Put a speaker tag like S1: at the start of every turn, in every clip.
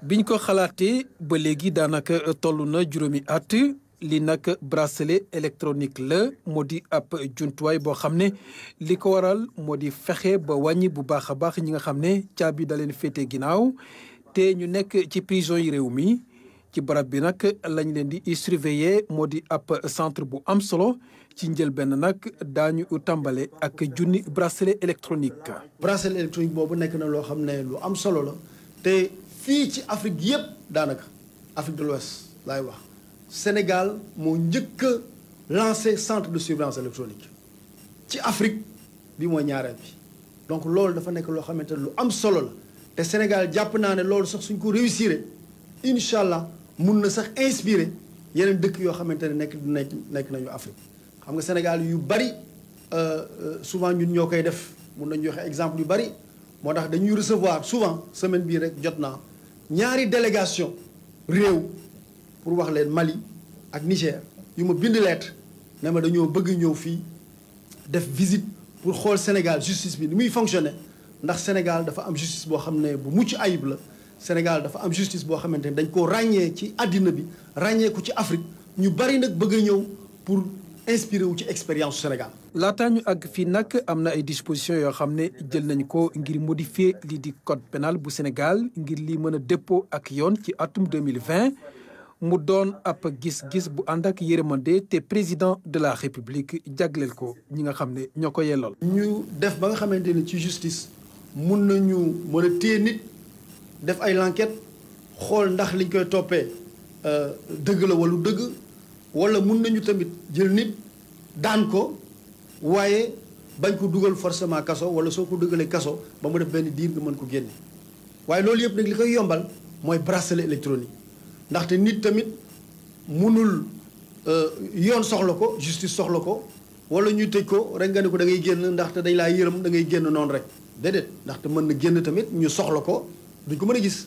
S1: biñ ko xalaatee ba léegi daanaka toll na juróomi at li nag bracelet électronique la moo di ab jumtuwaay boo xam ne li ko waral moo di fexe ba wàññi bu baax a baax ñi nga xam ne caabi da leen féete ginnaaw te ñu nekk ci prison yi réew mi ci barab bi nag lañ leen di surveiller moo di ab centre bu am solo ci njël benn nag daañu tàmbale ak junni bracelet
S2: électronique. bracelet électronique boobu nekk na loo xam ne lu am solo la fii ci Afrique yëpp daanaka Afrique de l'Ouest laay wax Sénégal moo njëkk a lancé centre de surveillance électronique ci Afrique bi mooy ñaareel bi donc loolu dafa nekk loo xamante ne lu am solo la te Sénégal jàpp naa ne loolu sax suñ ko réussir incha allah mun na sax inspiré yeneen dëkk yoo xamante ne nekk nekk nekk nañu Afrique xam nga Sénégal yu bari euh, euh, souvent ñun ñoo koy def mun nañu waxee exemple yu bari moo tax dañuy recevoir souvent semaine bii rek jot naa. ñaari délégation réew pour wax leen Mali ak Niger yu ma bind lettre ne ma dañoo bëgg ñëw fii def visite pour xool Sénégal justice bi ni muy fonctionner ndax Sénégal dafa am justice boo xam ne bu mucc ayib la Sénégal dafa am justice boo xamante ne dañ koo ràññee ci àddina bi ràññee ko ci Afrique ñu bari nag bëgg ñëw pour inspiré wu ci expérience Sénégal. laataa ñu àgg fii nag am na ay dispositions
S1: yoo xam ne jël nañ ko ngir modifier lii di code pénal bu Sénégal ngir lii mën a dëppoo ak yoon ci atum 2020 mu doon ab gis-gis bu ànd ak yërmande te président de la république jagleel ko ñi nga xam ne ñoo ko yellool. ñu def ba nga xamante
S2: ne ci justice mun nañu mën a téye nit def ay enquête xool ndax liñ koy toppee euh, dëgg la wallu dëgg. wala mun nañu tamit jël nit daan ko waaye bañ ko dugal forcément kaso wala soo ko dugalee kaso ba mu def benn diir nga mën ko génne waaye loolu yëpp nag li koy yombal mooy bracelet électronique ndaxte nit tamit munul euh, yoon soxla ko justice soxla ko wala ñu tëj ko rek nga ne ko da ngay génn ndaxte dañ laa yërëm dangay génn noonu rek déedéet ndaxte mën na génn tamit ñu soxla ko duñ ko mën a gis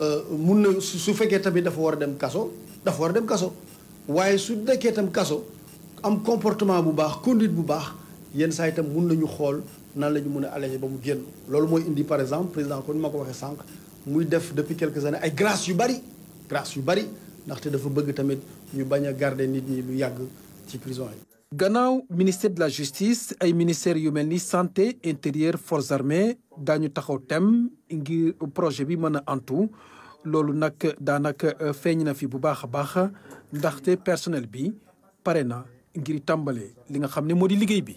S2: euh, mun na su fekkee tamit dafa war a dem kaso dafa war a dem kaso waaye su nekkee itam kaso am comportement bu baax conduite bu baax yenn saa itam mun nañu xool nan lañu ñu mun a alléger ba mu génn loolu mooy indi par exemple président ko ni ma ko waxee sànq muy def depuis quelques années ay grâce yu bari grâce yu bari ndaxte dafa bëgg tamit ñu bañ a garder nit ñi lu
S1: yàgg ci prison yi. gannaaw ministère de la justice ay ministères yu mel ni santé intérieur forces armées daañu taxaw tem ngir projet bi mën a antu. loolu nag daanaka euh, feeñ na fi bu baax a baax ndaxte personnel bi pare na ngir tàmbale li nga xam ne moo di liggéey bi.